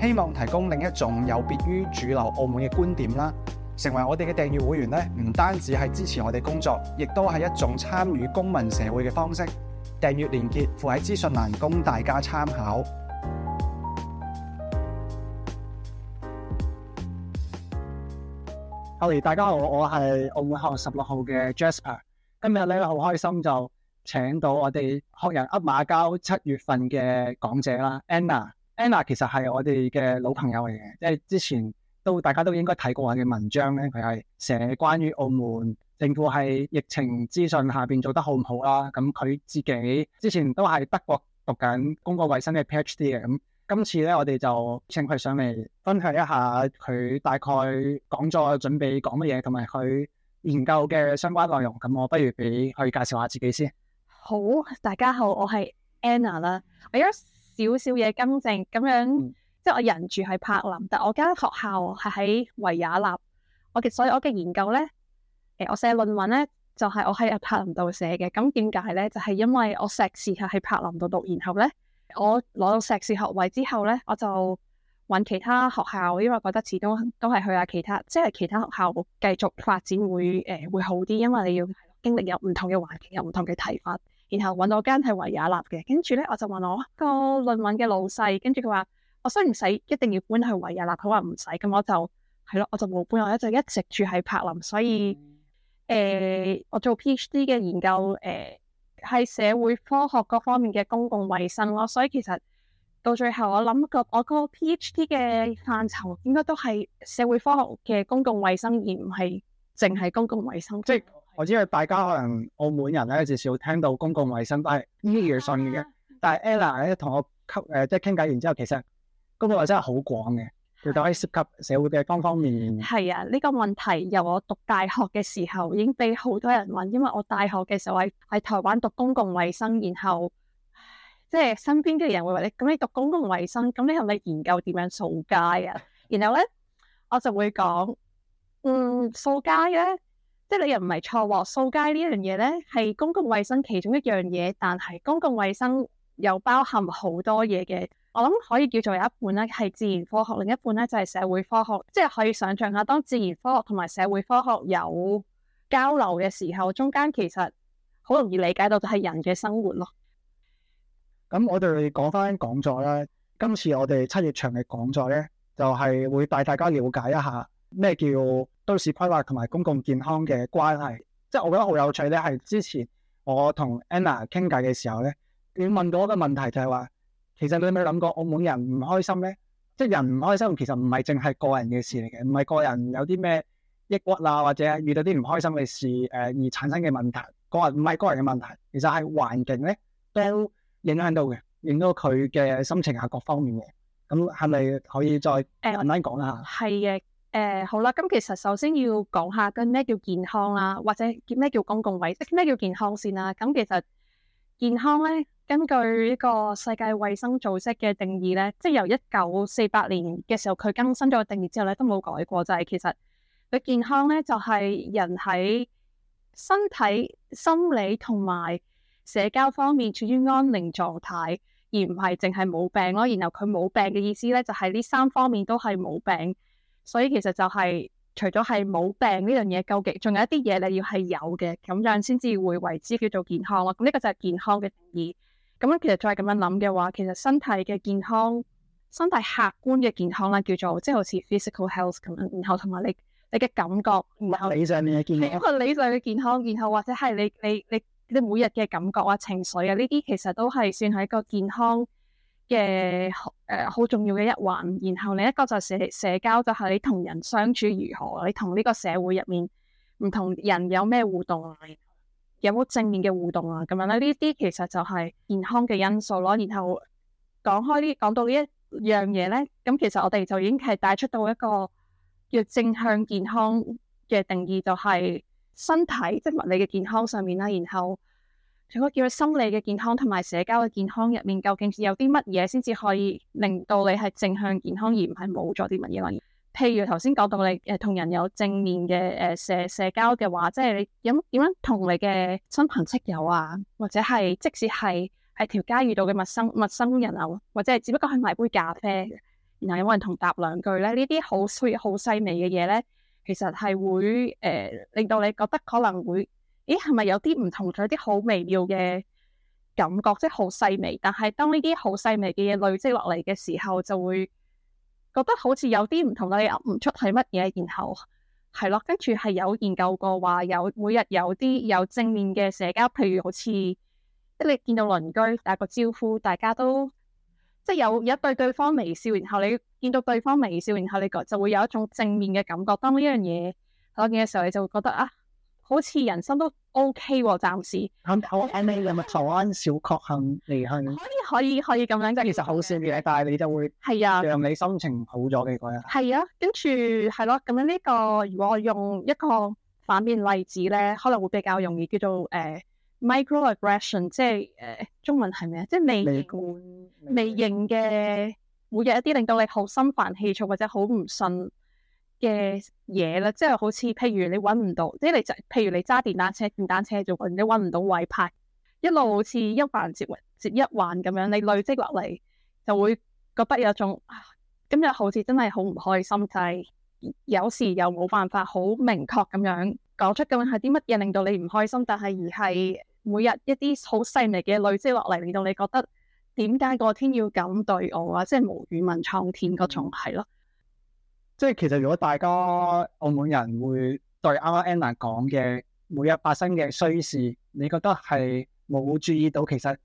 希望提供另一種有別於主流澳門嘅觀點啦，成為我哋嘅訂閱會員呢，唔單止係支持我哋工作，亦都係一種參與公民社會嘅方式。訂閱連結附喺資訊欄，供大家參考。Hello 大家好，我係澳門學十六號嘅 Jasper，今日呢好開心就請到我哋學人噏馬交七月份嘅講者啦，Anna。Anna 其實係我哋嘅老朋友嚟嘅，即係之前都大家都應該睇過我嘅文章咧，佢係寫關於澳門政府喺疫情資訊下邊做得好唔好啦。咁佢自己之前都係德國讀緊公共衞生嘅 PhD 嘅，咁今次咧我哋就請佢上嚟分享一下佢大概講咗準備講乜嘢，同埋佢研究嘅相關內容。咁我不如俾佢介紹下自己先。好，大家好，我係 Anna 啦。少少嘢更正咁樣，嗯、即係我人住喺柏林，但我間學校係喺維也納。我嘅所以，我嘅研究咧，誒，我寫論文咧，就係、是、我喺柏林度寫嘅。咁點解咧？就係、是、因為我碩士係喺柏林度讀，然後咧，我攞到碩士學位之後咧，我就揾其他學校，因為我覺得始終都係去下其他，即、就、係、是、其他學校繼續發展會誒、呃、會好啲，因為你要經歷有唔同嘅環境，有唔同嘅睇法。然後揾到間係維也納嘅，跟住咧我就問我個論文嘅老細，跟住佢話我雖然唔使一定要搬去維也納，佢話唔使，咁我就係咯，我就冇搬，我一一直住喺柏林。所以、呃、我做 PhD 嘅研究誒係、呃、社會科學各方面嘅公共衛生，所以其實到最後我諗個我個 PhD 嘅範疇應該都係社會科學嘅公共衛生，而唔係淨係公共衛生。我知道大家可能澳門人咧，至少聽到公共衞生都係呢啲嘢信嘅。啊、但係 Anna 咧同我吸誒即係傾偈完之後，其實公共衞生係好廣嘅，佢都可以涉及社會嘅方方面面。係啊，呢、呢個問題由我讀大學嘅時候已經俾好多人問，因為我大學嘅時候喺喺台灣讀公共衞生，然後即係、就是、身邊嘅人會話你咁你讀公共衞生，咁你係咪研究點樣掃街啊？然後咧我就會講，嗯，掃街咧。即係你又唔係錯喎，掃街呢樣嘢咧係公共衛生其中一樣嘢，但係公共衛生又包含好多嘢嘅。我諗可以叫做有一半咧係自然科學，另一半咧就係社會科學。即係可以想象下，當自然科學同埋社會科學有交流嘅時候，中間其實好容易理解到就係人嘅生活咯。咁我哋講翻講座啦。今次我哋七月場嘅講座咧，就係、是、會帶大家了解一下咩叫。都市規劃同埋公共健康嘅關係，即係我覺得好有趣咧。係之前我同 Anna 傾偈嘅時候咧，你問到一個問題就係話，其實你有冇諗過澳門人唔開心咧？即係人唔開心，其實唔係淨係個人嘅事嚟嘅，唔係個人有啲咩抑鬱啊，或者遇到啲唔開心嘅事誒而產生嘅問題，個人唔係個人嘅問題，其實係環境咧都影響到嘅，影響到佢嘅心情啊各方面嘅。咁係咪可以再慢慢講啦？嚇，係嘅。誒、嗯，好啦，咁其實首先要講下，咩叫健康啦、啊，或者咩叫公共衛生，咩叫健康先、啊、啦。咁其實健康咧，根據呢個世界衛生組織嘅定義咧，即、就、係、是、由一九四八年嘅時候佢更新咗個定義之後咧，都冇改過，就係、是、其實佢健康咧，就係、是、人喺身體、心理同埋社交方面處於安寧狀態，而唔係淨係冇病咯。然後佢冇病嘅意思咧，就係、是、呢三方面都係冇病。所以其實就係、是、除咗係冇病呢樣嘢，究竟仲有一啲嘢你要係有嘅咁樣先至會為之叫做健康咯。咁、這、呢個就係健康嘅定義。咁樣其實再係咁樣諗嘅話，其實身體嘅健康、身體客觀嘅健康啦，叫做即係好似 physical health 咁樣。然後同埋你你嘅感覺，然後理上嘅健康，理想嘅健康，然後或者係你你你你每日嘅感覺啊、情緒啊呢啲，其實都係算係一個健康。嘅誒好重要嘅一環，然後另一個就係社社交，就係你同人相處如何，你同呢個社會入面唔同人有咩互動，有冇正面嘅互動啊咁樣咧？呢啲其實就係健康嘅因素咯。然後講開呢講到呢一樣嘢咧，咁其實我哋就已經係帶出到一個叫「正向健康」嘅定義，就係身體即係物理嘅健康上面啦。然後如果叫佢心理嘅健康同埋社交嘅健康入面，究竟是有啲乜嘢先至可以令到你係正向健康，而唔係冇咗啲乜嘢咧？譬如頭先講到你同人有正面嘅社，社交嘅話，即、就、係、是、你有點樣同你嘅親朋戚友啊，或者係即使係係條街遇到嘅陌生陌生人啊，或者係只不過去買杯咖啡，然後有冇人同你搭兩句咧？這些很很呢啲好 sweet 好細微嘅嘢咧，其實係會誒、呃、令到你覺得可能會。咦，係咪有啲唔同咗啲好微妙嘅感覺，即係好細微？但係當呢啲好細微嘅嘢累積落嚟嘅時候，就會覺得好似有啲唔同啦。你噏唔出係乜嘢？然後係咯，跟住係有研究過話，有每日有啲有正面嘅社交，譬如好似即你見到鄰居打個招呼，大家都即係有有一對對方微笑，然後你見到對方微笑，然後你覺就會有一種正面嘅感覺。當呢樣嘢我見嘅時候，你就會覺得啊～好似人生都 OK 喎，啊，暫時。我 NA 咁啊，台灣小確幸離去。可以可以可以咁樣即其實好少嘢，的但係你就會係啊，讓你心情好咗嘅。鬼下的。係啊，跟住係咯，咁樣呢個如果我用一個反面例子咧，可能會比較容易叫做誒、呃、microaggression，即係、呃、中文係咩啊？即係微觀、你微型嘅每日一啲令到你好心煩氣躁或者好唔順嘅嘢啦，即係好似譬如你揾唔到，即係你就譬如你揸電單車，電單車做，你揾唔到位泊，一路好似一環接，接一接一環咁樣，你累積落嚟就會覺得有種，啊、今日好似真係好唔開心。但係有時又冇辦法好明確咁樣講出咁係啲乜嘢令到你唔開心，但係而係每日一啲好細微嘅累積落嚟，令到你覺得點解個天要咁對我啊？即係無語問蒼天嗰種，係咯、嗯。即係其實如果大家澳門人會對阿 Anna 講嘅每日發生嘅衰事，你覺得係冇注意到其實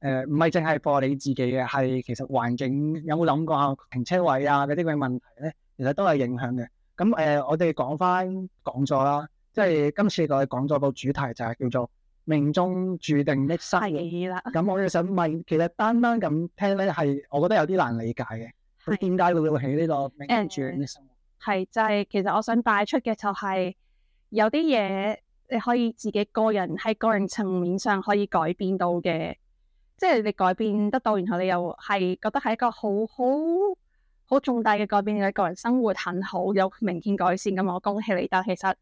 誒唔係淨係播你自己嘅，係其實環境有冇諗過停車位啊嗰啲咁嘅問題咧，其實都係影響嘅。咁誒、呃，我哋講翻講座啦，即係今次我哋講咗個主題就係叫做命中注定的生活。係啦。咁的我哋想問，其實單單咁聽咧係，我覺得有啲難理解嘅。係點解你會喺呢度跟住？係就係，其實我想帶出嘅就係，有啲嘢你可以自己個人喺個人層面上可以改變到嘅，即係你改變得到，然後你又係覺得係一個好好好重大嘅改變，你個人生活很好，有明顯改善咁，我恭喜你但其實。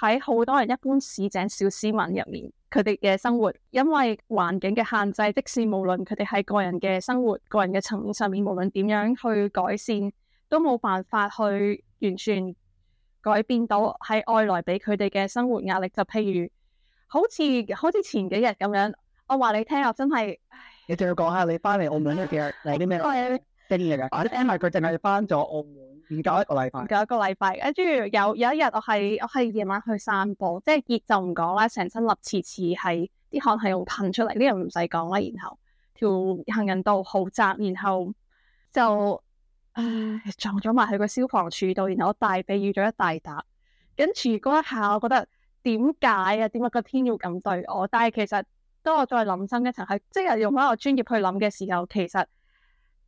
喺好多人一般市井小市民入面，佢哋嘅生活，因為環境嘅限制，即使無論佢哋係個人嘅生活、個人嘅層面上面，無論點樣去改善，都冇辦法去完全改變到喺外來俾佢哋嘅生活壓力。就譬如好似好似前幾日咁樣，我話你聽 啊，真係你仲要講下你翻嚟澳門啲日，嚟啲咩嘢？真嘅，我啲 e m 佢淨係翻咗澳門。唔夠一個禮拜，唔夠一個禮拜，跟住有有一日，我係我係夜晚去散步，即係熱就唔講啦，成身立黐黐係啲汗係用噴出嚟，呢樣唔使講啦。然後條行人道好窄，然後就唉撞咗埋去個消防栓度，然後我大髀瘀咗一大笪。跟住嗰一下，我覺得點解啊？點解個天要咁對我？但係其實當我再諗深一層，係即係用翻我專業去諗嘅時候，其實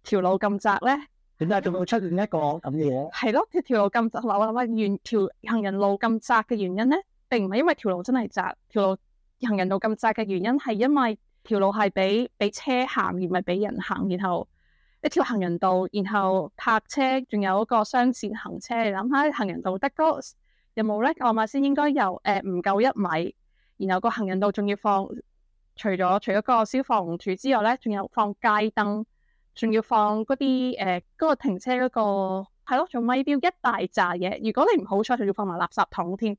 條路咁窄咧。點解仲會出現一個咁嘅嘢？係咯，條路咁窄，我諗下原條行人路咁窄嘅原因呢？並唔係因為條路真係窄，條行人路咁窄嘅原因係因為條路係俾俾車行而唔係俾人行，然後一條行人道，然後泊車仲有嗰個雙線行車。你諗下，行人道得嗰有冇呢？我諗先應該有，應該有誒唔夠一米，然後個行人道仲要放除咗除咗個消防柱之外呢，仲有放街燈。仲要放嗰啲誒，嗰、呃嗰個停車嗰、嗰個係咯，仲咪錶一大扎嘢。如果你唔好彩，仲要放埋垃圾桶添。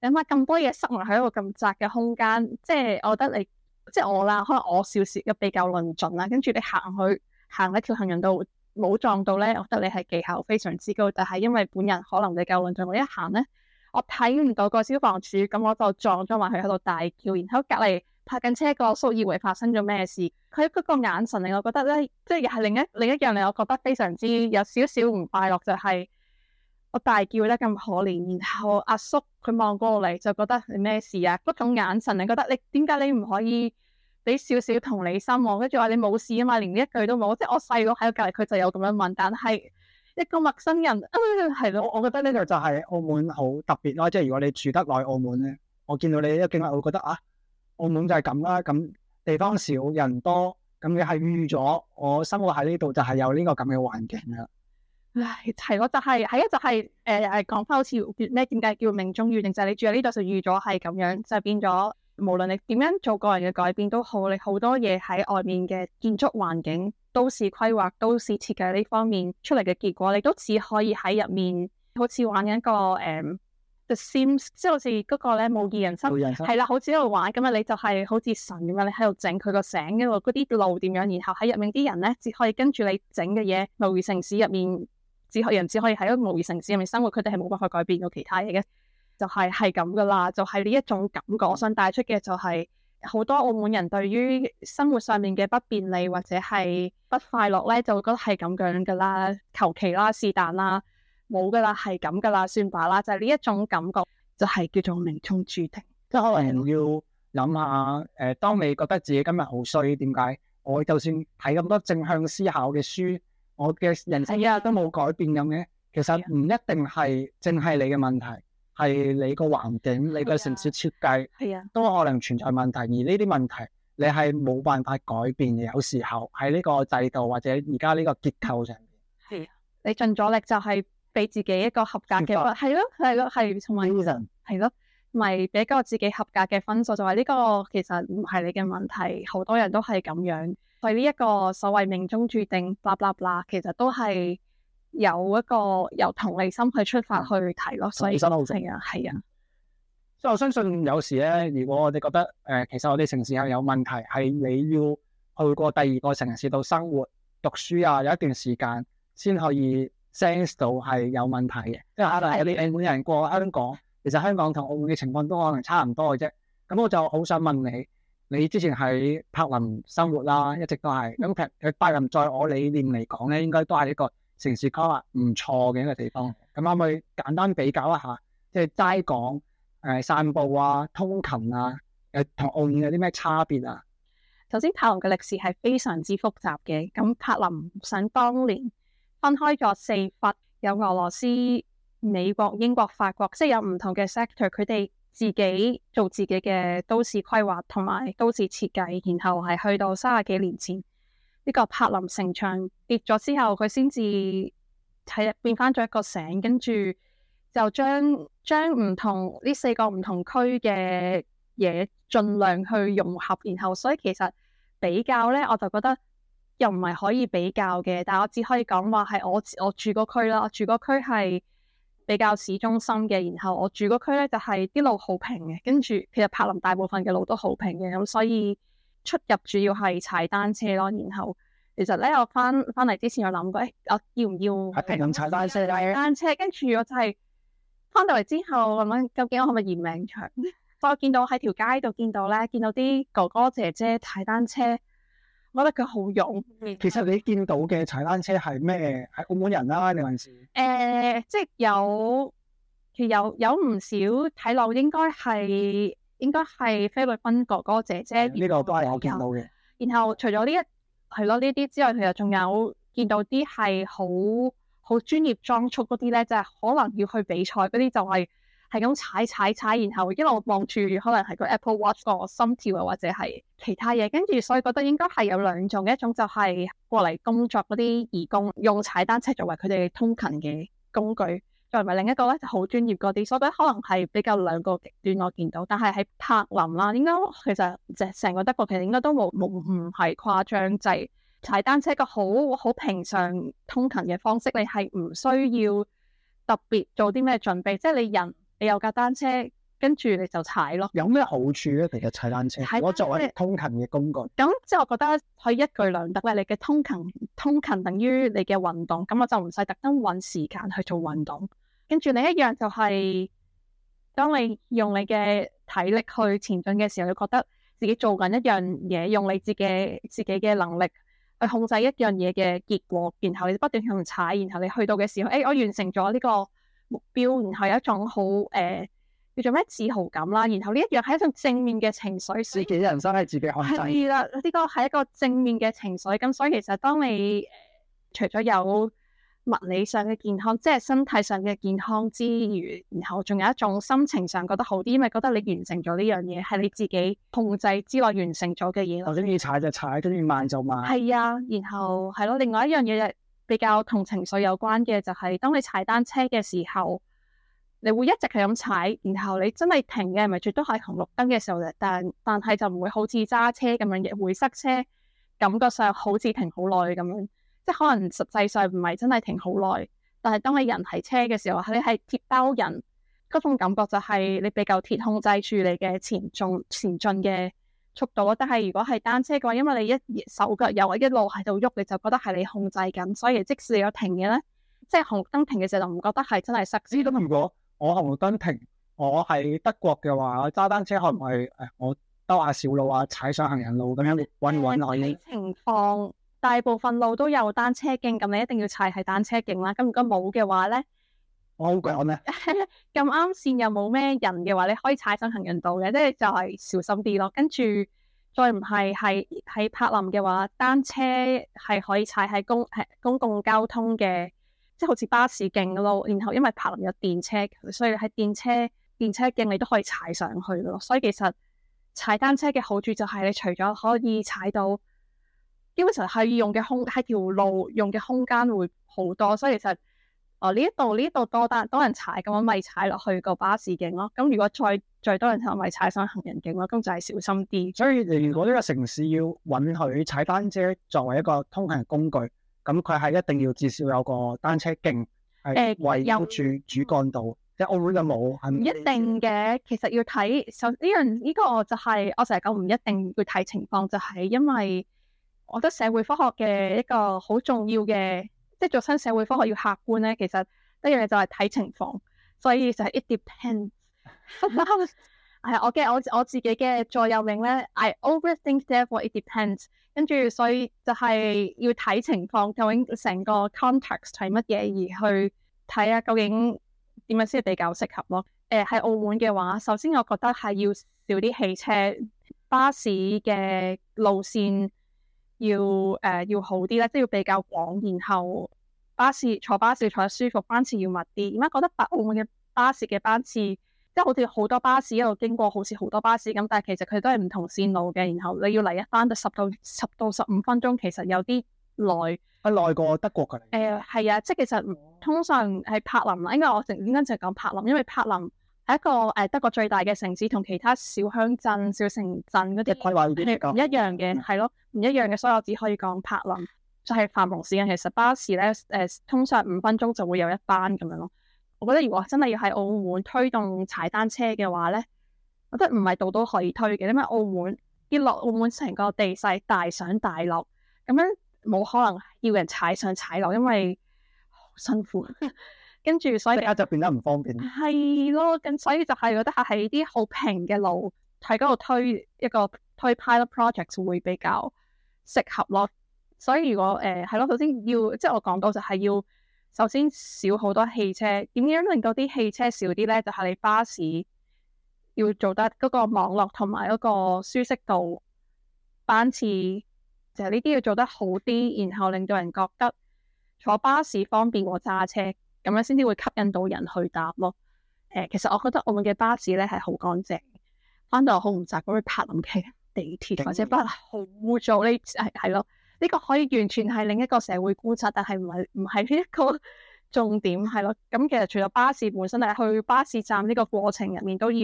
你諗咁多嘢塞埋喺一個咁窄嘅空間，即係我覺得你即係我啦，可能我少少嘅比較論盡啦。跟住你行去行一條行人道冇撞到咧，我覺得你係技巧非常之高。但係因為本人可能你夠論盡，我一行咧，我睇唔到個消防柱，咁我就撞咗埋佢喺度大叫，然後隔籬。拍緊車個阿叔以為發生咗咩事，佢嗰個眼神令我覺得咧，即係又係另一另一樣令我覺得非常之有少少唔快樂，就係我大叫得咁可憐，然後阿叔佢望過嚟就覺得你咩事啊？嗰種眼神，你覺得你點解你唔可以俾少少同理心喎？跟住話你冇事啊嘛，連一句都冇。即係我細個喺隔離，佢就有咁樣問，但係一個陌生人係咯、哎，我覺得呢度就係澳門好特別咯、啊。即係如果你住得耐澳門咧，我見到你一見我會覺得啊～澳門就係咁啦，咁地方少，人多，咁你係預咗，我生活喺呢度就係、是、有呢個咁嘅環境啦。唉，係咯就係係啊，就係、是、誒，係講翻好似咩？點解叫命中預定？就係、是、你住喺呢度就預咗係咁樣？就變咗，無論你點樣做個人嘅改變都好，你好多嘢喺外面嘅建築環境、都市規劃、都市設計呢方面出嚟嘅結果，你都只可以喺入面，好似玩緊一個誒。嗯 The Sims 即係好似嗰個咧模擬人生，係啦，好似喺度玩咁啊！你就係好似神咁樣，你喺度整佢個城，跟住嗰啲路點樣，然後喺入面啲人咧只可以跟住你整嘅嘢。模擬城市入面，只可以人只可以喺一個模擬城市入面生活，佢哋係冇辦法改變到其他嘢嘅，就係係咁噶啦。就係、是、呢一種感覺，我想帶出嘅就係、是、好多澳門人對於生活上面嘅不便利或者係不快樂咧，就會覺得係咁樣噶啦，求其啦，是但啦。冇噶啦，係咁噶啦，算罷啦，就係呢一種感覺，就係叫做命中注定。即係可能要諗下，誒、呃，當你覺得自己今日好衰，點解？我就算睇咁多正向思考嘅書，我嘅人生一日都冇改變咁嘅。的其實唔一定係淨係你嘅問題，係你個環境、的你嘅城市設計，都可能存在問題。而呢啲問題，你係冇辦法改變嘅。有時候喺呢個制度或者而家呢個結構上面，係啊的，你盡咗力就係、是。俾自己一個合格嘅分，係咯係咯係，同埋係咯，咪俾、就是、個自己合格嘅分數，就話、是、呢個其實唔係你嘅問題，好多人都係咁樣，喺呢一個所謂命中注定，blah blah blah 其實都係有一個由同理心去出發去睇咯，所以其正啊係啊，的所以我相信有時咧，如果我哋覺得誒、呃，其實我哋城市係有問題，係你要去過第二個城市度生活、讀書啊，有一段時間先可以。sense 度係有問題嘅，即係可能係有啲澳門人過香港，其實香港同澳門嘅情況都可能差唔多嘅啫。咁我就好想問你，你之前喺柏林生活啦，一直都係咁平。喺柏林，在我理念嚟講咧，應該都係一個城市規劃唔錯嘅一個地方。咁可唔可以簡單比較一下，即係齋講誒散步啊、通勤啊，誒同澳門有啲咩差別啊？首先，柏林嘅歷史係非常之複雜嘅。咁柏林想當年。分開咗四塊，有俄羅斯、美國、英國、法國，即係有唔同嘅 sector，佢哋自己做自己嘅都市規劃同埋都市設計，然後係去到三十幾年前，呢、這個柏林城牆跌咗之後，佢先至係變翻咗一個城，跟住就將將唔同呢四個唔同區嘅嘢盡量去融合，然後所以其實比較呢，我就覺得。又唔係可以比較嘅，但係我只可以講話係我我住個區啦，我住個區係比較市中心嘅。然後我住個區咧就係啲路好平嘅，跟住其實柏林大部分嘅路都好平嘅，咁所以出入主要係踩單車咯。然後其實咧我翻翻嚟之前有諗過，誒、欸、我要唔要喺柏林踩單車？踩單車。跟住我就係翻到嚟之後諗諗究竟我係咪嫌命長？ 所以我見到喺條街度見到咧，見到啲哥哥姐姐踩單車。我覺得佢好勇氣、啊呃。其實你見到嘅踩單車係咩？係澳門人啦，你還是誒，即係有，其有有唔少睇落應該係應該係菲律賓哥哥姐姐。呢對後個都係我見到嘅。然後除咗呢一係咯呢啲之外，其實仲有見到啲係好好專業裝束嗰啲咧，就係、是、可能要去比賽嗰啲就係、是。係咁踩踩踩，然後一路望住可能係個 Apple Watch 個心跳啊，或者係其他嘢，跟住所以覺得應該係有兩種，一種就係過嚟工作嗰啲移工用踩單車作為佢哋通勤嘅工具，再埋另一個咧就好專業嗰啲，所以覺得可能係比較兩個極端，端。我見到，但係喺柏林啦，應該其實即係成個德國其實應該都冇冇唔係誇張，就係踩單車個好好平常通勤嘅方式，你係唔需要特別做啲咩準備，即係你人。你有架單車，跟住你就踩咯。有咩好處咧？其實踩單車，我作為通勤嘅工具。咁即係我覺得可以一舉兩得咧。你嘅通勤，通勤等於你嘅運動。咁我就唔使特登搵時間去做運動。跟住你一樣就係、是，當你用你嘅體力去前進嘅時候，你覺得自己做緊一樣嘢，用你自己自己嘅能力去控制一樣嘢嘅結果。然後你不斷去踩，然後你去到嘅時候，誒、欸，我完成咗呢、這個。目標，然後有一種好誒、呃、叫做咩自豪感啦，然後呢一樣係一種正面嘅情緒，自己人生係自己控制。係啦，呢個係一個正面嘅情緒，咁所以其實當你除咗有物理上嘅健康，即係身體上嘅健康之餘，然後仲有一種心情上覺得好啲，因為覺得你完成咗呢樣嘢係你自己控制之內完成咗嘅嘢咯。頭先要踩就踩，跟住慢就慢。係啊，然後係咯，另外一樣嘢就。比較同情緒有關嘅就係當你踩單車嘅時候，你會一直係咁踩，然後你真係停嘅，咪絕對係紅綠燈嘅時候。但但係就唔會好似揸車咁樣，亦會塞車，感覺上好似停好耐咁樣。即可能實際上唔係真係停好耐，但係當你人喺車嘅時候，你係鐵包人嗰種感覺就係你比較鐵控制住你嘅前進前進嘅速度，但係如果係單車嘅話，因為你一手腳又一路喺度喐，你就覺得係你控制緊，所以即使有停嘅咧，即係紅燈停嘅時候，就唔覺得係真係塞車。咁如果我紅燈停，我喺德國嘅話，我揸單車可唔可以誒，我兜下小路啊，踩上行人路咁樣揾唔揾我呢？情況大部分路都有單車徑，咁你一定要踩係單車徑啦。咁如果冇嘅話咧？我、哦、好講咩？咁啱線又冇咩人嘅話，你可以踩上行人道嘅，即係就係、是、小心啲咯。跟住再唔係係喺柏林嘅話，單車係可以踩喺公係公共交通嘅，即、就、係、是、好似巴士徑咯。然後因為柏林有電車，所以喺電車電車徑你都可以踩上去咯。所以其實踩單車嘅好處就係你除咗可以踩到，基本上可以用嘅空係條路用嘅空間會好多，所以其實。哦，呢度呢度多單多人踩咁，我咪踩落去個巴士徑咯。咁如果再再多人踩，我咪踩上行人徑咯。咁就係小心啲。所以如果呢個城市要允許踩單車作為一個通行工具，咁佢係一定要至少有個單車徑係圍繞住主幹道。嗯嗯、即係澳門就冇，係咪？唔一定嘅，其實要睇首呢樣呢個就係、是、我成日講唔一定要睇情況，就係、是、因為我覺得社會科學嘅一個好重要嘅。即係做新社會科學要客觀咧，其實一樣嘢就係睇情況，所以就係 it depends 我。我嘅我我自己嘅座右銘咧，I always think therefore it depends。跟住所以就係要睇情況，究竟成個 context 係乜嘢，而去睇下究竟點樣先係比較適合咯。誒、呃、喺澳門嘅話，首先我覺得係要少啲汽車、巴士嘅路線要誒、呃、要好啲咧，即係要比較廣，然後。巴士坐巴士坐得舒服，班次要密啲。而家覺得白澳門嘅巴士嘅班次，即係好似好多巴士一路經過，好似好多巴士咁，但係其實佢都係唔同線路嘅。然後你要嚟一班，就十到十到十五分鐘，其實有啲耐，係耐過德國㗎。誒係啊，即係其實通常喺柏林啦，因為我成先跟住講柏林，因為柏林係一個誒德國最大嘅城市，同其他小鄉鎮、小城鎮嗰啲規劃唔一樣嘅，係咯、嗯，唔一樣嘅，所以我只可以講柏林。就係繁忙時間，其實巴士咧，誒通常五分鐘就會有一班咁樣咯。我覺得如果真係要喺澳門推動踩單車嘅話咧，我覺得唔係度都可以推嘅，因為澳門跌落澳門成個地勢大上大落，咁樣冇可能要人踩上踩落，因為好辛苦。跟住 所以而家就變得唔方便。係咯，咁所以就係覺得喺啲好平嘅路喺嗰度推一個推 pilot projects 會比較適合咯。所以如果誒係咯，首先要即係我講到就係要首先少好多汽車。點樣令到啲汽車少啲咧？就係、是、你巴士要做得嗰個網絡同埋嗰個舒適度、班次就係呢啲要做得好啲，然後令到人覺得坐巴士方便過揸車咁樣，先至會吸引到人去搭咯。誒、嗯，其實我覺得澳門嘅巴士咧係好乾淨，翻到好唔雜嗰啲柏林嘅地鐵或者不嚟好污糟呢，係係咯。嗯嗯嗯嗯嗯嗯嗯呢個可以完全係另一個社會觀察，但係唔係唔係呢一個重點。係咯，咁其實除咗巴士本身，係去巴士站呢個過程入面都要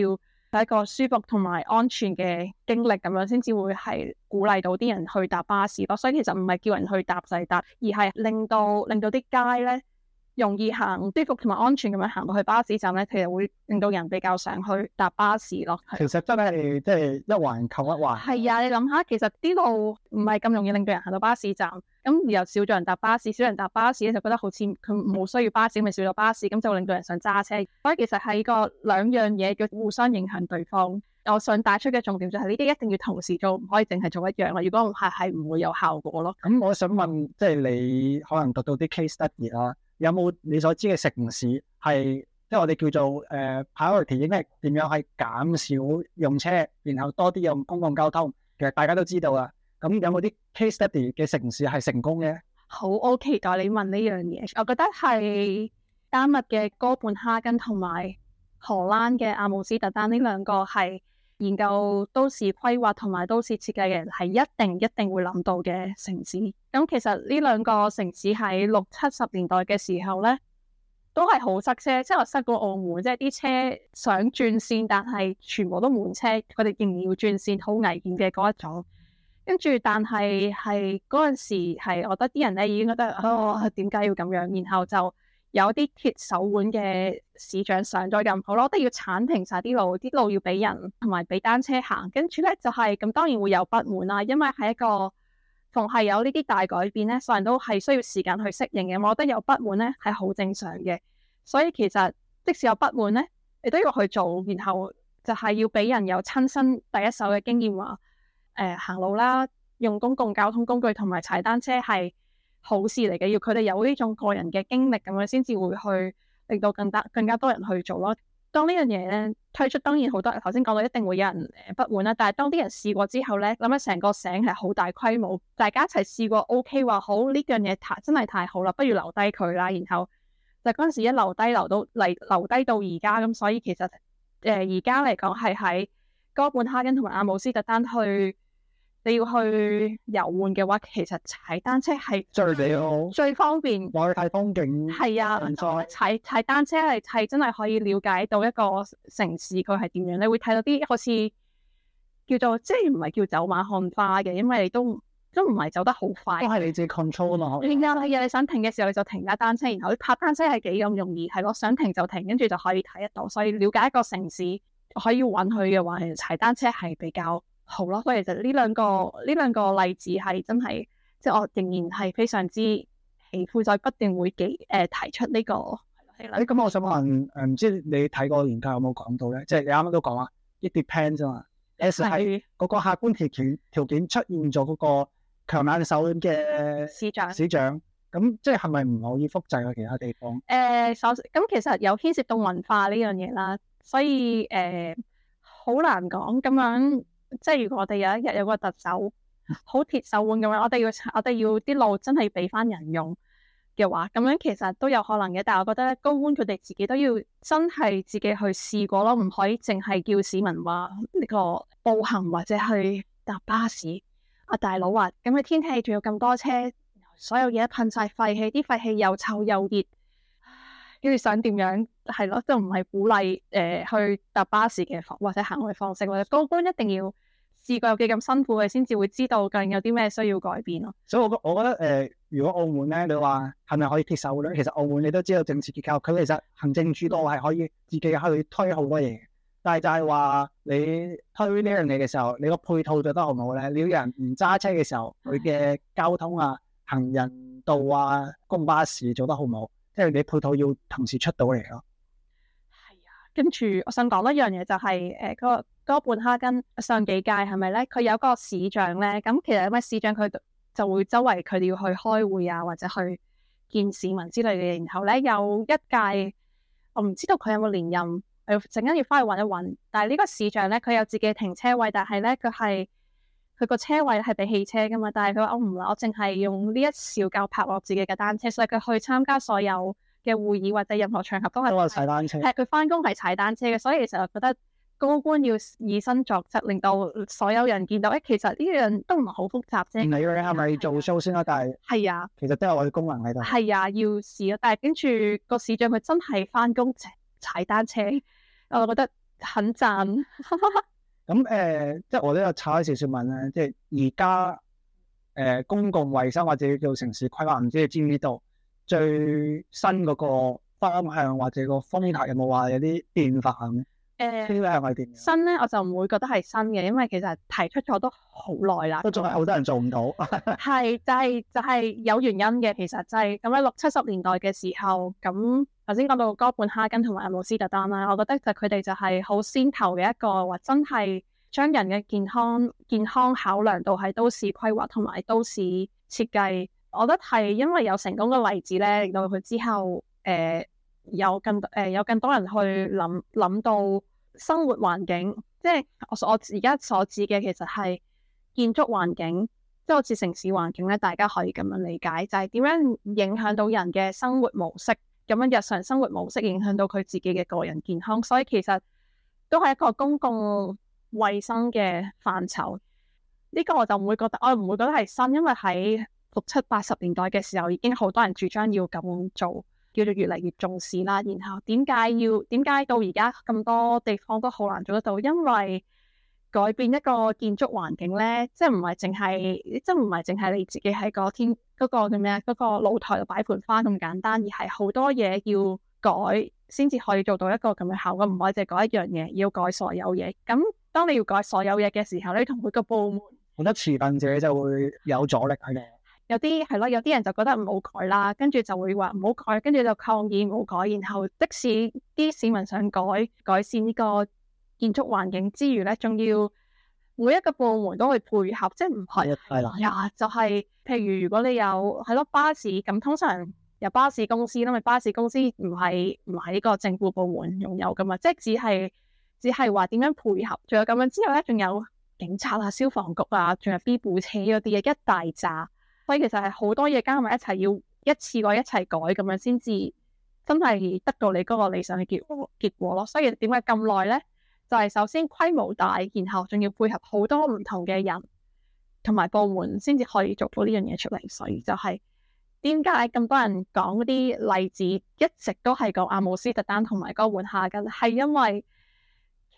有一個舒服同埋安全嘅經歷咁樣，先至會係鼓勵到啲人去搭巴士。所以其實唔係叫人去搭就係搭，而係令到令到啲街呢容易行舒服同埋安全咁樣行到去巴士站咧，其實會令到人比較想去搭巴士咯。其實真係即係一環扣一環。係啊，你諗下，其實啲路唔係咁容易令到人行到巴士站，咁又少咗人搭巴士，少人搭巴士咧就覺得好似佢冇需要巴士咪少咗巴士，咁就令到人想揸車。所以其實係個兩樣嘢叫互相影響對方。我想帶出嘅重點就係呢啲一定要同時做，唔可以淨係做一樣咯。如果唔係，係唔會有效果咯。咁我想問，即係你可能讀到啲 case study 啦。有冇你所知嘅城市係即係我哋叫做誒 priority，應該點樣去減少用車，然後多啲用公共交通？其實大家都知道啊。咁有冇啲 case study 嘅城市係成功嘅？好，OK，我期待你問呢樣嘢。我覺得係丹麥嘅哥本哈根同埋荷蘭嘅阿姆斯特丹呢兩個係。研究都市規劃同埋都市設計嘅人係一定一定會諗到嘅城市。咁其實呢兩個城市喺六七十年代嘅時候咧，都係好塞車，即係我塞過澳門，即係啲車想轉線，但係全部都滿車，佢哋仍然要轉線，好危險嘅嗰一種。跟住，但是係嗰陣時係覺得啲人呢已經覺得哦，點解要咁樣？然後就。有啲鐵手腕嘅市長上咗任，好咯，都要剷平晒啲路，啲路要俾人同埋俾單車行。跟住呢，就係、是、咁，那當然會有不滿啦，因為係一個凡係有呢啲大改變呢，所有人都係需要時間去適應嘅。我覺得有不滿呢係好正常嘅，所以其實即使有不滿呢，你都要去做，然後就係要俾人有親身第一手嘅經驗話，呃，行路啦，用公共交通工具同埋踩單車係好事嚟嘅，要佢哋有呢種個人嘅經歷咁樣，先至會去令到更加更加多人去做咯。當這件事呢樣嘢咧推出，當然好多人頭先講到一定會有人誒不滿啦。但係當啲人試過之後咧，諗起成個城係好大規模，大家一齊試過 OK 話好呢樣嘢，太真係太好啦，不如留低佢啦。然後就嗰陣時一留低留到嚟留低到而家咁，所以其實誒而家嚟講係喺哥本哈根同埋阿姆斯特丹去，你要去遊玩嘅話，其實踩單車係最美好、最方便、睇風景。係啊，踩踩單車係係真係可以了解到一個城市佢係點樣，你會睇到啲好似叫做即係唔係叫走馬看花嘅，因為你都都唔係走得好快，都係你自己 control 咯。係啊，係啊，你想停嘅時候你就停架單車，然後你拍單車係幾咁容易，係咯、啊，想停就停，跟住就可以睇得到。所以了解一個城市可以允許嘅話，踩單車係比較。好啦，咁其實呢兩個呢兩個例子係真係，即係我仍然係非常之喜歡再不斷會幾誒提出呢個。誒，咁我想問誒，唔知你睇過研究有冇講到咧？即係你啱啱都講話，it depends 啫嘛，係嗰個客觀條件條件出現咗嗰個強硬手嘅市長市長，咁即係係咪唔可以複製去其他地方？誒，咁其實有牽涉到文化呢樣嘢啦，所以誒好難講咁樣。即係如果我哋有一日有個特首好鐵手腕咁樣，我哋要我哋要啲路真係俾翻人用嘅話，咁樣其實都有可能嘅。但係我覺得高官佢哋自己都要真係自己去試過咯，唔可以淨係叫市民話呢、這個步行或者去搭巴士。阿、啊、大佬話咁嘅天氣仲要咁多車，所有嘢噴晒廢氣，啲廢氣又臭又熱，唉，跟住想點樣係咯，都唔係鼓勵誒、呃、去搭巴士嘅或者行嘅方式或者高官一定要。試過有幾咁辛苦嘅，先至會知道究竟有啲咩需要改變咯。所以我覺得，我覺得誒，如果澳門咧，你話係咪可以接手咧？其實澳門你都知道政治結構，佢其實行政主導係可以自己去推好多嘢。但係就係話你推呢樣嘢嘅時候，你個配套做得好唔好咧？你有人唔揸車嘅時候，佢嘅交通啊、行人道啊、公巴士做得好唔好？即係你配套要同時出到嚟咯。係啊，跟住我想講一樣嘢就係誒嗰個哥本哈根上幾屆係咪咧？佢有個市長咧，咁其實因為市長佢就會周圍佢哋要去開會啊，或者去見市民之類嘅。然後咧有一屆，我唔知道佢有冇連任，要陣間要翻去揾一揾。但係呢個市長咧，佢有自己嘅停車位，但係咧佢係佢個車位係俾汽車㗎嘛。但係佢話我唔，我淨係用呢一小間泊我自己嘅單車，所以佢去參加所有嘅會議或者任何場合都係踩單車。係佢翻工係踩單車嘅，所以其實我覺得。高官要以身作則，令到所有人見到，誒、哎，其實呢樣都唔係好複雜啫。唔係，係咪做 show、啊啊、先啦？但係係啊，其實都有佢功能喺度。係啊，要試咯。但係跟住個市長佢真係翻工踩單車，我覺得很贊。咁 誒、呃，即係我都有查少少問啊。即係而家誒公共衛生或者叫城市規劃，唔知你知唔知道最新嗰個方向或者個方題有冇話有啲變化咁？誒，呃、新咧，我就唔會覺得係新嘅，因為其實提出咗都好耐啦。都仲係好多人做唔到。係， 就係、係、就係、係、有原因嘅，其實就係咁喺六七十年代嘅時候，咁頭先講到哥本哈根同埋阿姆斯特丹啦，我覺得佢哋就佢哋就係好先頭嘅一個話，真係將人嘅健康健康考量到喺都市規劃同埋都市設計。我覺得係因為有成功嘅例子咧，令到佢之後誒。呃有更,有更多人去諗到生活環境，即係我而家所指嘅，其實係建築環境，即係好似城市環境咧。大家可以咁樣理解，就係點樣影響到人嘅生活模式，咁樣日常生活模式影響到佢自己嘅個人健康，所以其實都係一個公共衛生嘅範疇。呢個我就唔會覺得，我唔會覺得係新，因為喺六七八十年代嘅時候，已經好多人主張要咁做。叫做越嚟越重視啦，然後點解要點解到而家咁多地方都好難做得到？因為改變一個建築環境咧，即係唔係淨係，即係唔係淨係你自己喺個天嗰個叫咩啊？嗰個露台度擺盆花咁簡單，而係好多嘢要改先至可以做到一個咁嘅效果。唔可以淨係改一樣嘢，要改所有嘢。咁當你要改所有嘢嘅時候，咧，你同每個部門好多持份者就會有阻力佢哋。有啲係咯，有啲人就覺得唔好改啦，跟住就會話唔好改，跟住就抗議唔好改。然後的士啲市民想改改善呢個建築環境之餘咧，仲要每一個部門都會配合，即係唔係啊？係啦了，哎、呀，就係、是、譬如如果你有係咯巴士咁，通常有巴士公司啦，咪巴士公司唔係唔喺個政府部門擁有噶嘛，即係只係只係話點樣配合。仲有咁樣之後咧，仲有警察啊、消防局啊，仲有 B 部車嗰啲嘢，一大扎。所以其實係好多嘢加埋一齊，要一次過一齊改咁樣，先至真係得到你嗰個理想嘅結結果咯。所以點解咁耐咧？就係、是、首先規模大，然後仲要配合好多唔同嘅人同埋部門，先至可以做到呢樣嘢出嚟。所以就係點解咁多人講啲例子，一直都係講阿姆斯特丹同埋嗰個換下根，係因為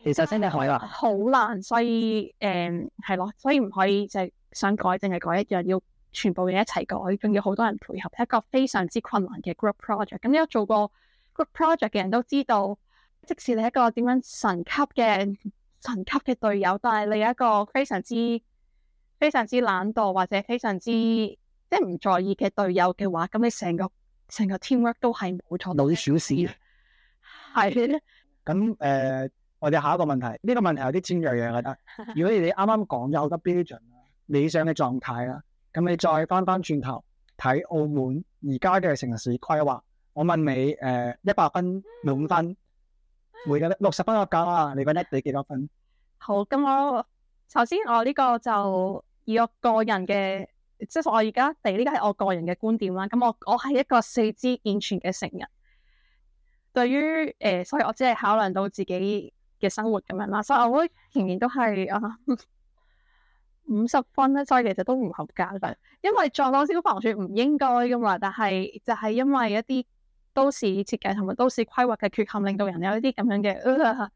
其實真係好難，好難。所以誒係咯，所以唔可以就係想改，淨係改一樣要。全部嘢一齊改，仲要好多人配合，一個非常之困難嘅 group project。咁、嗯、有做過 group project 嘅人都知道，即使你一個點樣神級嘅神級嘅隊友，但係你一個非常之非常之懶惰或者非常之即係唔在意嘅隊友嘅話，咁、嗯、你成個成個 teamwork 都係冇錯有啲小事。係咧的。咁誒、呃，我哋下一個問題，呢、這個問題有啲尖銳嘅，我覺得。如果你啱啱講咗好多標準啦，理想嘅狀態啦。咁你再翻翻轉頭睇澳門而家嘅城市規劃，我問你誒，一百分滿分，分嗯、每嘅咧六十分個價啊，你覺得你幾多分？好，咁我首先我呢個就以我個人嘅，即、就、係、是、我而家提呢個係我個人嘅觀點啦。咁我我係一個四肢健全嘅成人，對於誒、呃，所以我只係考量到自己嘅生活咁樣啦。所以我仍然都係啊。五十分咧，所以其實都唔合格嘅，因為撞到消防栓唔應該噶嘛。但係就係因為一啲都市設計同埋都市規劃嘅缺陷，令到人有一啲咁樣嘅，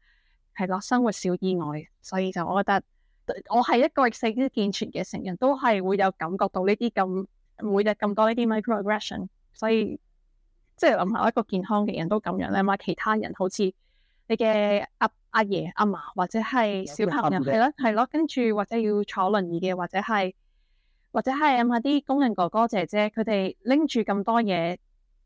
係咯，生活小意外。所以就我覺得，我係一個性健全嘅成人都係會有感覺到呢啲咁每日咁多呢啲 microaggression，所以即係諗下一個健康嘅人都咁樣咧，唔係其他人好似你嘅阿阿爺阿嫲，或者係小朋友，係咯係咯，跟住或者要坐輪椅嘅，或者係或者係有下啲工人哥哥姐姐，佢哋拎住咁多嘢，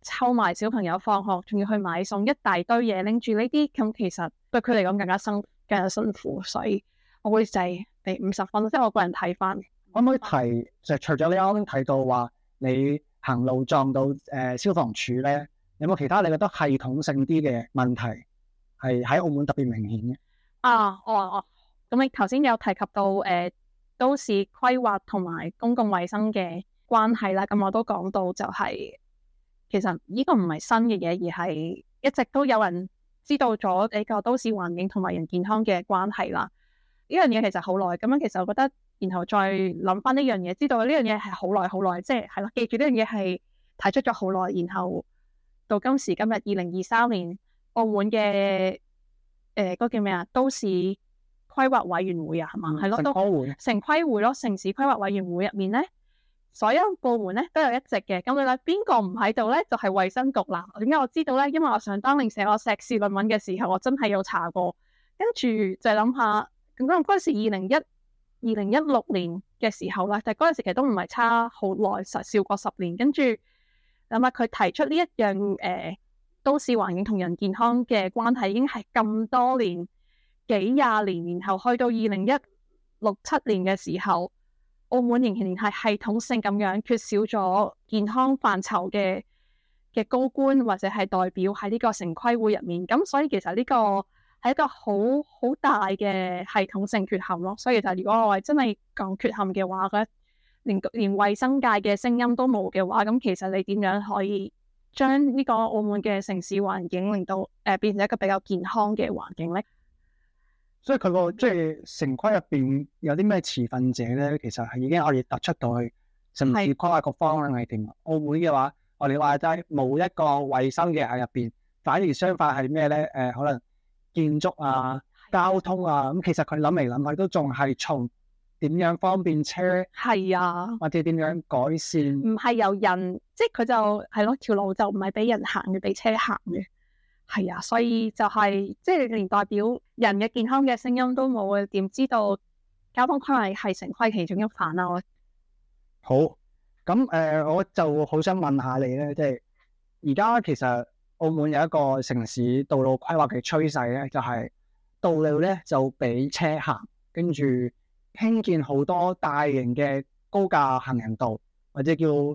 湊埋小朋友放學，仲要去買餸，一大堆嘢拎住呢啲，咁其實對佢嚟講更加辛更加辛苦，所以我會制俾五十分。即係我個人睇返，可唔可以提？就、啊、除咗你啱啱提到話你行路撞到誒、呃、消防栓咧，有冇其他你覺得系統性啲嘅問題？係喺澳門特別明顯嘅。啊，我我咁，哦、你頭先有提及到誒、呃，都市規劃同埋公共衛生嘅關係啦。咁我都講到就係、是，其實呢個唔係新嘅嘢，而係一直都有人知道咗呢個都市環境同埋人健康嘅關係啦。呢樣嘢其實好耐。咁樣其實我覺得，然後再諗翻呢樣嘢，知道呢樣嘢係好耐好耐，即係係啦，記住呢樣嘢係提出咗好耐，然後到今時今日二零二三年。澳門嘅，誒，個、呃、叫咩啊？都市規劃委員會啊，係嘛？係咯、嗯，都城規會，城規會咯，城市規劃委員會入面咧，所有部門咧都有一席嘅。咁你咧邊個唔喺度咧，就係、是、衛生局啦。點解我知道咧？因為我上當年寫我碩士論文嘅時候，我真係有查過。跟住就係諗下，咁嗰陣時二零一二零一六年嘅時候啦，但係嗰陣時其實都唔係差好耐，實少過十年。跟住咁啊，佢提出呢一樣誒。呃都市環境同人健康嘅關係已經係咁多年幾廿年，然後去到二零一六七年嘅時候，澳門仍然係系統性咁樣缺少咗健康範疇嘅高官或者係代表喺呢個城規會入面咁。所以其實呢個係一個好好大嘅系統性缺陷咯。所以如果我係真係講缺陷嘅話，連，連衛生界嘅聲音都冇嘅話，咁其實你點樣可以？將呢個澳門嘅城市環境令到誒、呃、變成一個比較健康嘅環境咧，所以佢個即係城規入邊有啲咩持份者咧，其實係已經可以突出到去，甚至跨一個方向嚟定。澳門嘅話，我哋話齋冇一個衞生嘅嘢入邊，反而相反係咩咧？誒、呃，可能建築啊、交通啊，咁其實佢諗嚟諗去都仲係從。點樣方便車係啊？或者點樣改善？唔係由人即係佢就係、是、咯，條、啊、路就唔係俾人行嘅，俾車行嘅係啊。所以就係即係連代表人嘅健康嘅聲音都冇嘅，點知道交通規劃係城規其中一環啊？好咁誒、呃，我就好想問下你咧，即係而家其實澳門有一個城市道路規劃嘅趨勢咧，就係道路咧就俾車行，跟住。興建好多大型嘅高架行人道，或者叫誒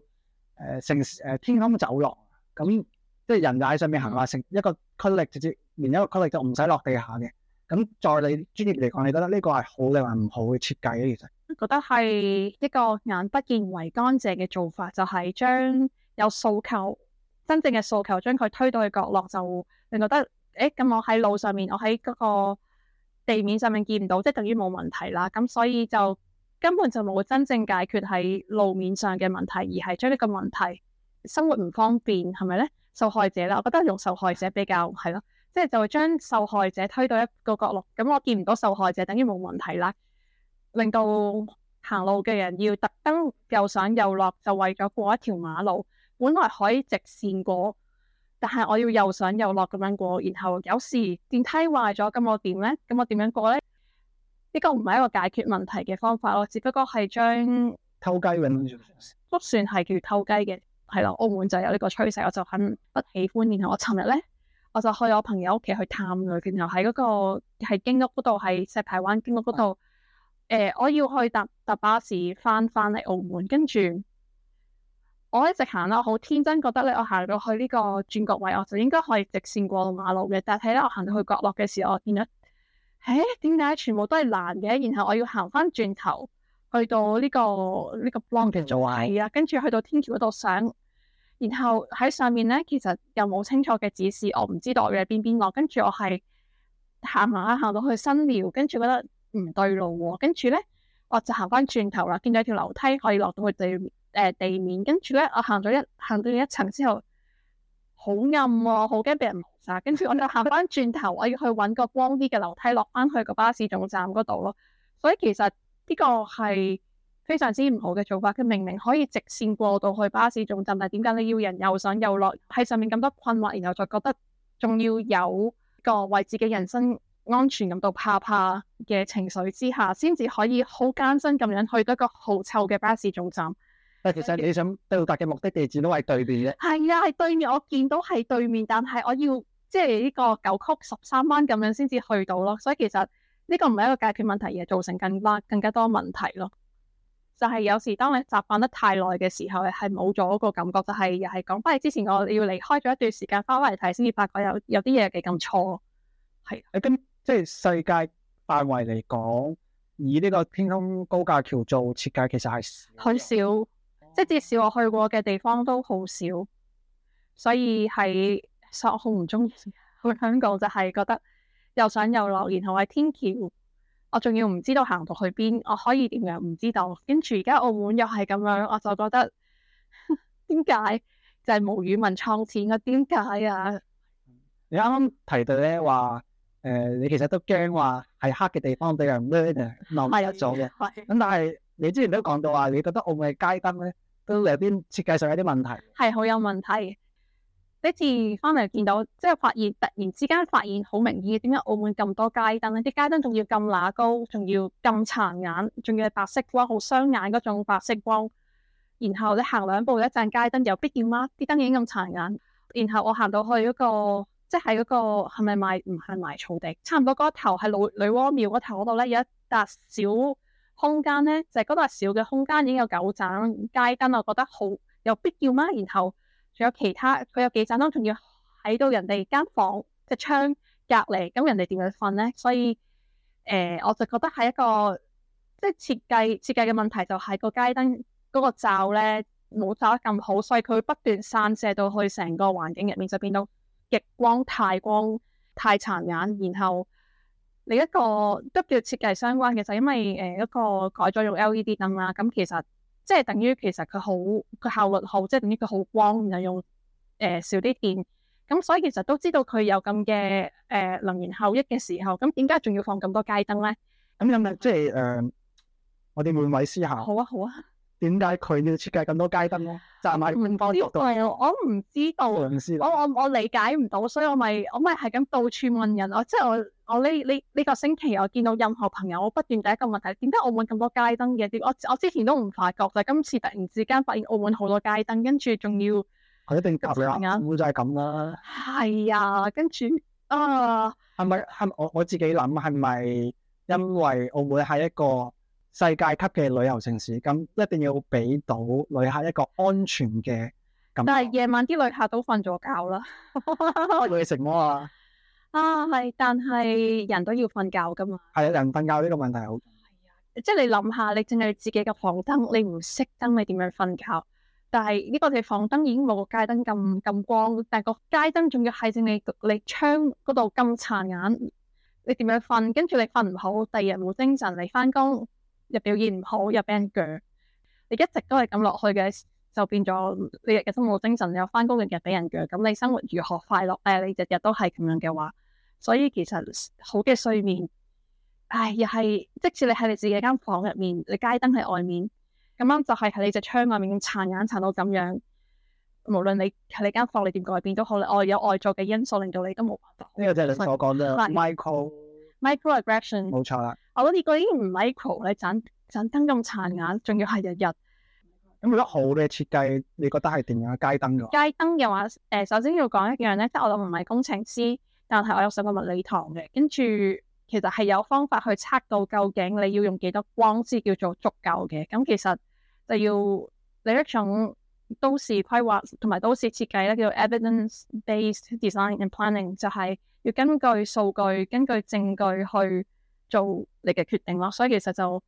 城、誒天空走廊，咁即係人喺上面行啊，成一個區域直接，連一個區域都唔使落地下嘅。咁在你專業嚟講，你覺得呢個係好定係唔好嘅設計咧？其實覺得係一個眼不見為乾淨嘅做法，就係、是、將有訴求真正嘅訴求，將佢推到去角落，就你覺得誒咁我喺路上面，我喺嗰、那個。地面上面見唔到，即、就是、等於冇問題啦。咁所以就根本就冇真正解決喺路面上嘅問題，而係將呢個問題生活唔方便係咪係呢受害者啦，我覺得用受害者比較好咯，即就將、係、受害者推到一個角落。咁我見唔到受害者，等於冇問題啦。令到行路嘅人要特登又上又落，就為咗過一條馬路，本來可以直線過。但是我要又上又落咁樣過，然後有時電梯壞咗，咁我點咧？咁我點樣過咧？呢、呢個唔係一個解決問題嘅方法咯，只不過係將偷雞咁樣做，都算係叫偷雞嘅，係咯。澳門就有呢個趨勢，我就很不喜歡。然後我尋日咧，我就去我朋友屋企去探佢，然後喺嗰、嗰個喺京屋嗰度，喺石排灣京屋嗰度，誒，我要去搭搭巴士翻翻嚟澳門，跟住，我一直行咯，好天真覺得呢，我行到去呢個轉角位，我就應該可以直線過馬路嘅。但係呢，我行到去角落嘅時候，我見到，唉、欸，點解全部都係藍嘅？然後我要行返轉頭去到呢、呢個呢、呢個 block 嘅位，係跟住去到天橋嗰度上，然後喺上面其其實有沒冇有清楚嘅指示，我唔知道要喺邊邊，邊跟住我係行下，行到去新廟，跟住覺得唔對路喎、啊。跟住我就行返轉頭啦，見到一條樓梯可以落到去地面。地面跟住我行咗一行到一層之後，好暗喎、哦，好驚俾人謀殺。跟住我就行翻轉頭，我要去搵個光啲嘅樓梯落返去個巴士總站嗰度囉。所以其實呢個係非常之唔好嘅做法。佢明明可以直線過到去巴士總站，但點解你要人又上又落？喺上面咁多困惑，然後就覺得仲要有個為自己人生安全咁到怕怕嘅情緒之下，先至可以好艱辛咁樣去到一個好臭嘅巴士總站。但其實你想到達嘅目的地址都係對面啫。係啊，係對面，我見到係對面，但係我要即係呢個九曲十三彎咁樣先至去到咯。所以其實呢個唔係一個解決問題，而係造成更加更加多問題咯。就係、是、有時當你習慣得太耐嘅時候，係冇咗個感覺，就係又係講翻。之前我要離開咗一段時間，翻返嚟睇先至發覺有有啲嘢幾咁錯。係咁、啊，即係世界範圍嚟講，以呢個天空高架橋做設計，其實係好少。即係至少我去過嘅地方都好少，所以喺實好唔中意。我香港就係、是、覺得又上又落，然後喺天橋，我仲要唔知道行到去邊，我可以點樣唔知道？跟住而家澳門又係咁樣，我就覺得點解 就係、是、無語問蒼天嘅點解啊？你啱啱提到咧話，誒、呃、你其實都驚話係黑嘅地方俾人掠嘅，冧咗嘅，咁但係。你之前都講到呀，你覺得澳門嘅街燈呢，都有啲設計上有啲問題，係好有問題。呢次返嚟見到，即係發現突然之間發現好明顯，點解澳門咁多街燈，啲街燈仲要咁乸高，仲要咁殘眼，仲要有白色光，好傷眼嗰種白色光。然後你行兩步，一陣街燈有必要嗎？啲燈已經咁殘眼。然後我行到去嗰個，即係嗰個係咪賣唔係賣草地？差唔多嗰頭係女媧廟嗰頭嗰度有一笪小空間呢，就係嗰度小嘅空間已經有九盞街燈，我覺得好有必要嗎？然後仲有其他佢有幾盞燈還在，仲要喺到人哋間房嘅窗隔離，咁人哋點樣瞓呢？所以、呃、我就覺得係一個設計、即係、設計設計嘅問題，就係個街燈嗰個罩咧冇罩得咁好，所以佢不斷散射到去成個環境入面，就變到極光、太光、太殘眼，然後。另一個都叫設計相關嘅，就係因為誒一個改咗用 LED 燈啦。咁其實即係等於其實佢好，佢效率好，即係等於佢好光，又用誒少啲電。咁所以其實都知道佢有咁嘅誒能源效益嘅時候，咁點解仲要放咁多街燈咧？咁樣咧即係誒我哋換位思考？好啊，好啊。點解佢要設計咁多街燈咧？就係因為我唔知道，我我我理解唔到，所以我咪我咪係咁到處問人咯，即係我。我呢呢呢個星期，我見到任何朋友，我不斷，第一個問題，點解澳門咁多街燈嘅？我我之前都唔發覺，就今次突然之間發現澳門好多街燈，跟住仲要，佢一定及啦，澳門就係咁啦。係啊，啊，跟住啊。係咪？係，我我自己諗，係咪因為澳門係一個世界級嘅旅遊城市，咁一定要俾到旅客一個安全嘅。但係夜晚啲旅客都瞓咗覺啦。喂，食乜啊？啊係，但係人都要瞓覺噶嘛。係啊，人瞓覺呢個問題好。係啊，即係你諗下，你淨係自己嘅房燈，你唔熄燈，你點樣瞓覺？但係呢個地方房燈已經冇個街燈咁咁光，但係個街燈仲要係正你你窗嗰度咁殘眼，你點樣瞓？跟住你瞓唔好，第二日冇精神你翻工，又表現唔好，又俾人鋸。你一直都係咁落去嘅。就變咗你日日都冇精神，你又翻工日日俾人虐。咁你生活如何快樂咧？哎，你日日都係咁樣嘅話，所以其實好嘅睡眠，唉，又係即使你喺你自己間房入面，你街燈喺外面，咁啱就係喺你隻窗外面殘眼殘到咁樣。無論你喺你間房，你點改變都好，外有外在嘅因素令到你都冇辦法。呢個就係你所講嘅 Microaggres、就是、sion 冇錯啦。我覺得嗰啲唔 micro 你盞盞燈咁殘眼，仲要係日日。咁一個好嘅設計，你覺得係點啊？街燈，街燈嘅話，首先要講一樣呢，即係我唔係工程師，但係我有上過物理堂嘅，跟住其實係有方法去測到究竟你要用幾多光之叫做足夠嘅。咁其實就要你一種都市規劃同埋都市設計叫 evidence based design and planning，就係要根據數據、根據證據去做你嘅決定咯。所以其實就。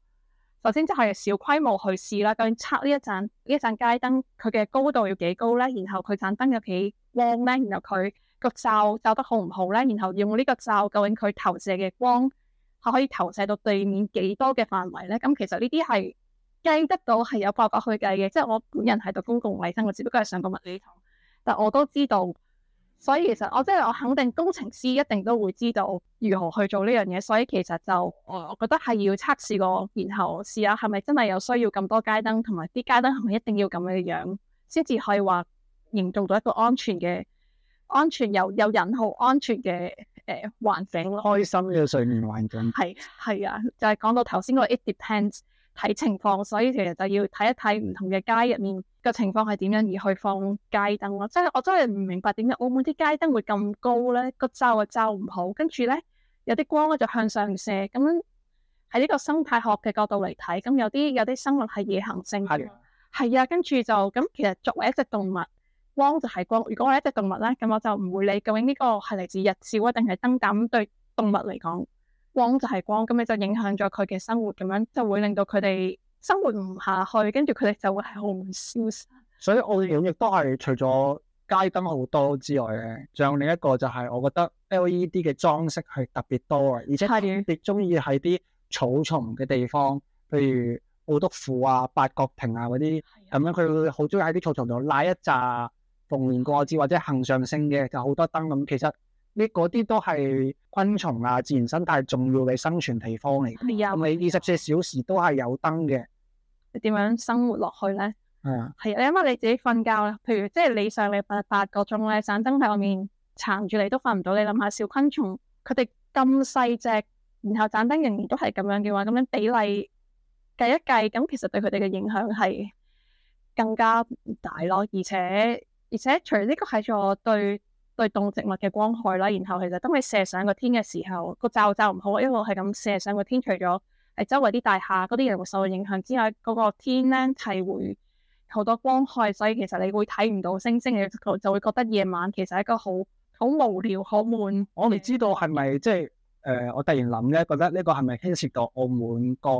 首先就係小規模去試啦，究竟測呢一盞呢一盞街燈佢嘅高度要幾高呢？然後佢盞燈有幾光呢？然後佢個罩，罩得好唔好呢？然後用呢個罩究竟佢投射嘅光係可以投射到地面幾多嘅範圍呢？咁、嗯、其實呢啲係計得到，係有辦法去計嘅。即係我本人喺度讀公共衛生，我只不過係上過物理堂，但我都知道。所以其實我即係我肯定工程師一定都會知道如何去做呢樣嘢，所以其實就我覺得係要測試過，然後試下係咪真係有需要咁多街燈，同埋啲街燈係咪一定要咁嘅樣，先至可以話營造到一個安全嘅、安全又又隱好安全嘅環境。開心嘅睡眠環境。係係啊，就係講到頭先個 it depends 睇情況，所以其實就要睇一睇唔同嘅街入面。嗯個情況係點樣而去放街燈咯？即係我真係唔明白點解澳門啲街燈會咁高咧？個罩就罩唔好，跟住咧，有啲光就向上射。咁喺呢個生態學嘅角度嚟睇，咁有啲有啲生物係夜行性。係啊的，跟住就咁。其實作為一隻動物，光就係光。如果我係一隻動物咧，咁我就唔會理究竟呢個係嚟自日照啊定係燈膽，對動物嚟講，光就係光。咁你就影響咗佢嘅生活，咁樣就會令到佢哋，生活唔下去，跟住佢哋就會喺澳門消失。所以澳門亦都係除咗街燈好多之外咧，仲有另一個就係我覺得 LED 嘅裝飾係特別多嘅，而且特別中意喺啲草叢嘅地方，譬如澳督府啊、八角亭啊嗰啲咁樣，佢會好中意喺啲草叢度拉一紮，逢年過節或者行上昇嘅就好多燈咁。其實呢嗰啲都係昆蟲啊、自然生態重要嘅生存地方嚟嘅，咁你二十四小時都係有燈嘅。你點樣生活落去呢？係啊、uh，係、huh. 啊，因為你自己瞓覺咧，譬如即係你上嚟八個鐘咧，盞燈喺外面撐住你都瞓唔到你。你諗下小昆蟲，佢哋咁細隻，然後盞燈仍然都係咁樣嘅話，咁樣比例計一計，咁其實對佢哋嘅影響係更加大咯。而且而且除了這，除呢個係做對對動植物嘅光害啦，然後其實當你射上個天嘅時候，個罩罩唔好，因為我係咁射上個天，除咗。係周圍啲大廈，嗰啲人會受到影響之外，嗰、嗰個天咧係會好多光害，所以其實你會睇唔到星星嘅，就就會覺得夜晚其實係一個好好無聊、好悶嘅。我唔知道係咪即係誒，我突然諗咧，覺得呢個係咪牽涉到澳門個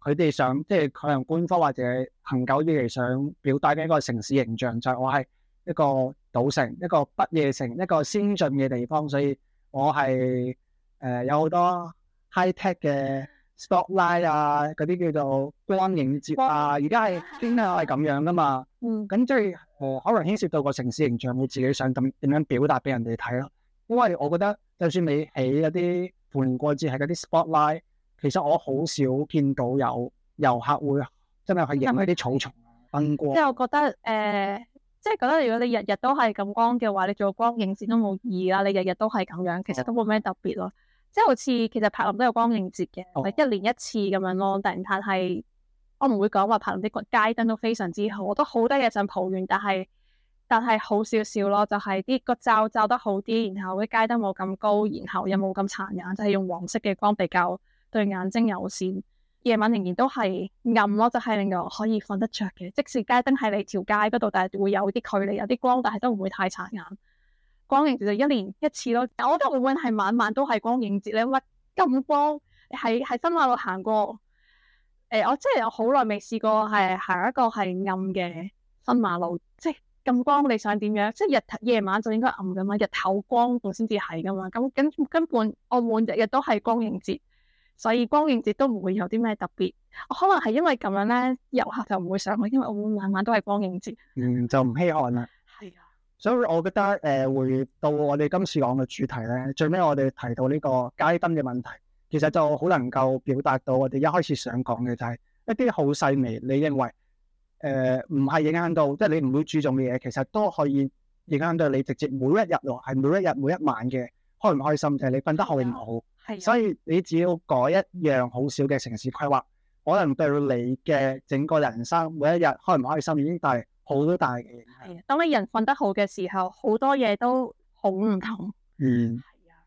佢哋想即係可能官方或者恒久以嚟想表達嘅一個城市形象，就係我係一個賭城、一個不夜城、一個先進嘅地方，所以我係誒、呃、有好多 high tech 嘅。spotlight 啊，嗰啲叫做光影節啊，而家係點解係咁樣噶嘛？嗯，咁最誒，可能牽涉到個城市形象，你自己想點點樣，樣表達俾人哋睇啦。因為我覺得就算你起一啲過年過節係嗰啲 spotlight，其實我好少見到有遊客會真係去影一啲草叢燈光。嗯、即係我覺得誒、呃，即係覺得，如果你日日都係咁光嘅話，你做光影節都冇意義啦。你日日都係咁樣，其實都冇咩特別咯。嗯即係好似其實柏林都有光影節嘅，oh. 一年一次咁樣咯。但係我唔會講話柏林啲街燈都非常之好，我都好多嘢想抱怨，但係但係好少少咯，就係、是、啲個罩罩得好啲，然後啲街燈冇咁高，然後又冇咁殘眼，就係、是、用黃色嘅光比較對眼睛友善。夜晚仍然都係暗咯，就係、是、令我可以瞓得着嘅。即使街燈喺你條街嗰度，但係會有啲距離，有啲光，但係都唔會太殘眼。光影節就一年一次咯，我覺得澳門係晚晚都係光影節你乜咁光喺喺新馬路行過，誒、欸，我真係有好耐未試過係行一個係暗嘅新馬路，即係咁光你想點樣？即係日夜晚就應該暗噶嘛，日頭光我先至係噶嘛，咁根根本澳門日日都係光影節，所以光影節都唔會有啲咩特別，我可能係因為咁樣咧，遊客就唔會上去，因為我晚晚都係光影節，嗯，就唔稀罕啦。所以，我覺得誒回到我哋今次講嘅主題咧，最尾我哋提到呢個街燈嘅問題，其實就好能夠表達到我哋一開始想講嘅，就係一啲好細微，你認為誒唔係影響到，即係你唔會注重嘅嘢，其實都可以影響到你直接每一日喎，係每一日每一晚嘅開唔開心，就係你瞓得好唔好。係的。所以你只要改一樣好少嘅城市規劃，可能對你嘅整個人生每一日開唔開心已經大。好多大嘅，係啊！當你人瞓得好嘅時候，好多嘢都好唔同。嗯，係啊。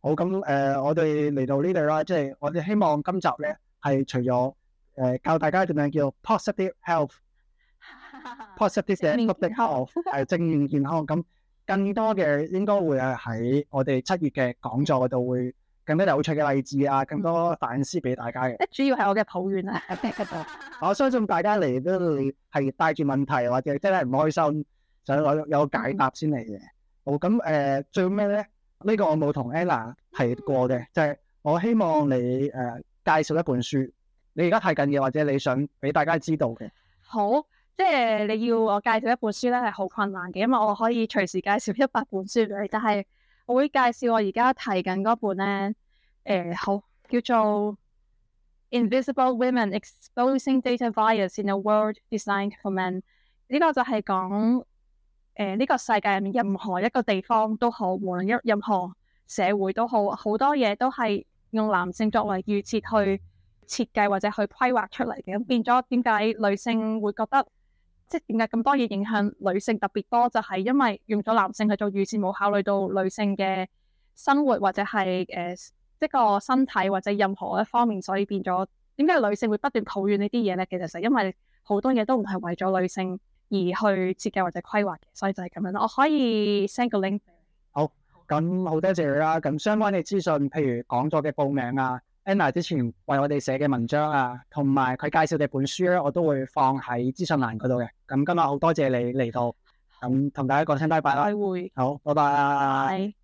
好咁，誒、呃，我哋嚟到呢度啦，即、就、係、是、我哋希望今集咧係除咗誒、呃、教大家點樣叫做 positive health，positive health， positive 正面健康。咁 更多嘅，應該會係喺我哋七月嘅講座度會。更加有趣嘅例子啊，更多反思俾大家嘅。主要係我嘅抱怨啊，我相信大家嚟都係帶住問題或者真係唔開心，就有個解答先嚟嘅。嗯、好咁誒、呃，最尾呢？呢、這個我冇同 Anna 提過嘅，嗯、就係我希望你誒、呃、介紹一本書，你而家睇緊嘅，或者你想俾大家知道嘅。好，即係你要我介紹一本書咧，係好困難嘅，因為我可以隨時介紹一百本書俾你，但係。我會介紹我而家睇緊嗰本咧、呃，好叫做《Invisible Women: Exposing Data Bias in a World Designed for Men》這。呢個就係講、呃、呢個世界入面，任何一個地方都好，無論一任何社會都好，好多嘢都係用男性作為預設去設計或者去規劃出嚟嘅。咁變咗點解女性會覺得？即係點解咁多嘢影響女性特別多？就係、是、因為用咗男性去做預設，冇考慮到女性嘅生活或者係誒、呃、即係個身體或者任何一方面，所以變咗點解女性會不斷抱怨呢啲嘢咧？其實就係因為好多嘢都唔係為咗女性而去設計或者規劃嘅，所以就係咁樣。我可以 send 個 link。好，咁好多謝你啦。咁相關嘅資訊，譬如講座嘅報名啊，Anna 之前為我哋寫嘅文章啊，同埋佢介紹嘅本書咧，我都會放喺資訊欄嗰度嘅。咁今日好多謝你嚟到，咁同大家講聲拜拜。拜拜。好，拜拜。拜。